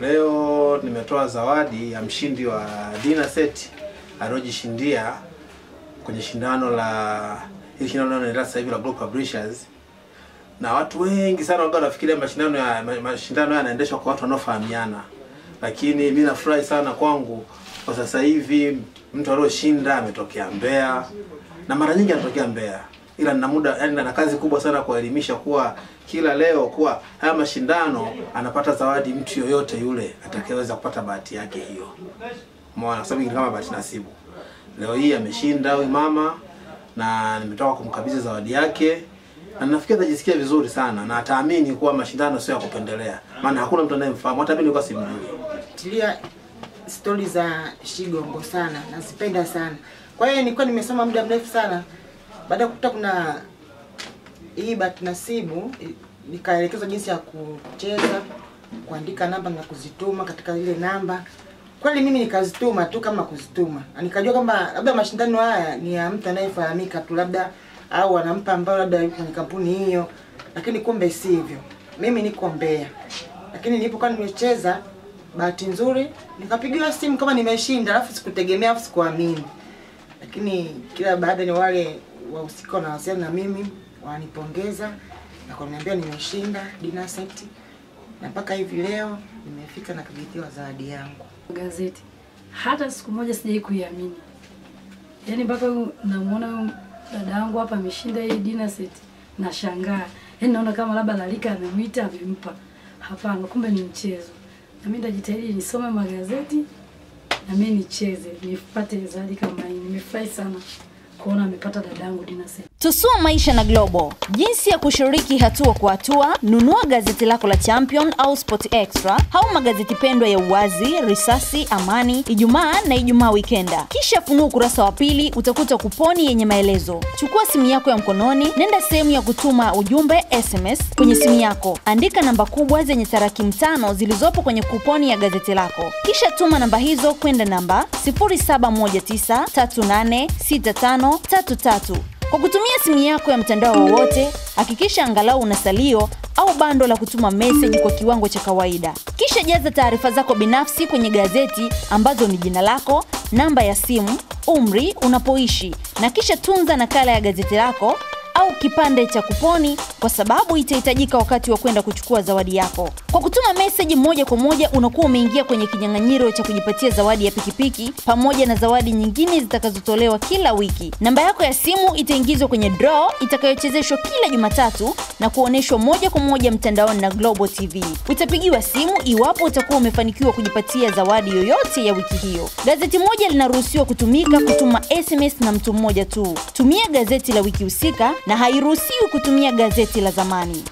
Leo nimetoa zawadi ya mshindi wa dina set aliojishindia kwenye shindano la hili shindano linaloendelea sasa hivi la Global Publishers, na watu wengi sana wakawa nafikiria mashindano ya mashindano haya yanaendeshwa kwa watu wanaofahamiana, lakini mi nafurahi sana kwangu kwa sasa hivi mtu aliyoshinda ametokea Mbeya na mara nyingi anatokea Mbeya ila nina muda yani na kazi kubwa sana kuelimisha kuwa kila leo kuwa haya mashindano anapata zawadi mtu yoyote yule atakayeweza kupata bahati yake hiyo. Mwana sababu ni kama bahati nasibu. Leo hii ameshinda huyu mama na nimetoka kumkabidhi zawadi yake na nafikiri atajisikia vizuri sana na ataamini kuwa mashindano sio ya kupendelea, maana hakuna mtu anayemfahamu, hata mimi nilikuwa simjui. Tilia stori za Shigongo sana, nazipenda sana. Kwa hiyo nilikuwa nimesoma muda mrefu sana baada ya kukuta kuna hii bahati nasibu, nikaelekezwa jinsi ya kucheza, kuandika namba na kuzituma katika ile namba. Kweli mimi nikazituma tu kama kuzituma, nikajua kwamba labda mashindano haya ni ya mtu anayefahamika tu labda, au anampa ambao labda yuko kwenye kampuni hiyo, lakini kumbe sivyo. Mimi niko Mbeya, lakini nilipokuwa nimecheza, bahati nzuri nikapigiwa simu kama nimeshinda, alafu sikutegemea, alafu sikuamini, lakini kila baada ni wale wahusika wanawasiliana na mimi, wananipongeza na kuniambia nimeshinda dinner set, na mpaka hivi leo nimefika na kabidhiwa zawadi yangu gazeti. Hata siku moja sijai kuiamini, yaani mpaka namuona dada yangu hapa ameshinda hii dinner set, nashangaa. Yaani naona kama labda Lalika amemwita amempa. Hapana, kumbe ni mchezo. Na mimi nitajitahidi nisome magazeti na mimi nicheze nipate zawadi kama hii. Nimefurahi sana kuona amepata dadangu Dina Sefu. Tusua maisha na Globo. jinsi ya kushiriki hatua kwa hatua. Nunua gazeti lako la Champion au Sport Extra au magazeti pendwa ya Uwazi, Risasi, Amani, Ijumaa na Ijumaa Wikenda, kisha funua ukurasa wa pili, utakuta kuponi yenye maelezo. Chukua simu yako ya mkononi, nenda sehemu ya kutuma ujumbe SMS kwenye simu yako, andika namba kubwa zenye tarakimu tano zilizopo kwenye kuponi ya gazeti lako, kisha tuma namba hizo kwenda namba 0719386533 kwa kutumia simu yako ya mtandao wowote, hakikisha angalau una salio au bando la kutuma meseji kwa kiwango cha kawaida. Kisha jaza taarifa zako binafsi kwenye gazeti ambazo ni jina lako, namba ya simu, umri, unapoishi na kisha tunza nakala ya gazeti lako au kipande cha kuponi kwa sababu itahitajika wakati wa kwenda kuchukua zawadi yako. Kwa kutuma meseji moja kwa moja, unakuwa umeingia kwenye kinyang'anyiro cha kujipatia zawadi ya pikipiki pamoja na zawadi nyingine zitakazotolewa kila wiki. Namba yako ya simu itaingizwa kwenye draw itakayochezeshwa kila Jumatatu na kuonyeshwa moja kwa moja mtandaoni na Global TV. Utapigiwa simu iwapo utakuwa umefanikiwa kujipatia zawadi yoyote ya wiki hiyo. Gazeti moja linaruhusiwa kutumika kutuma SMS na mtu mmoja tu. Tumia gazeti la wiki husika na hairuhusiwi kutumia gazeti la zamani.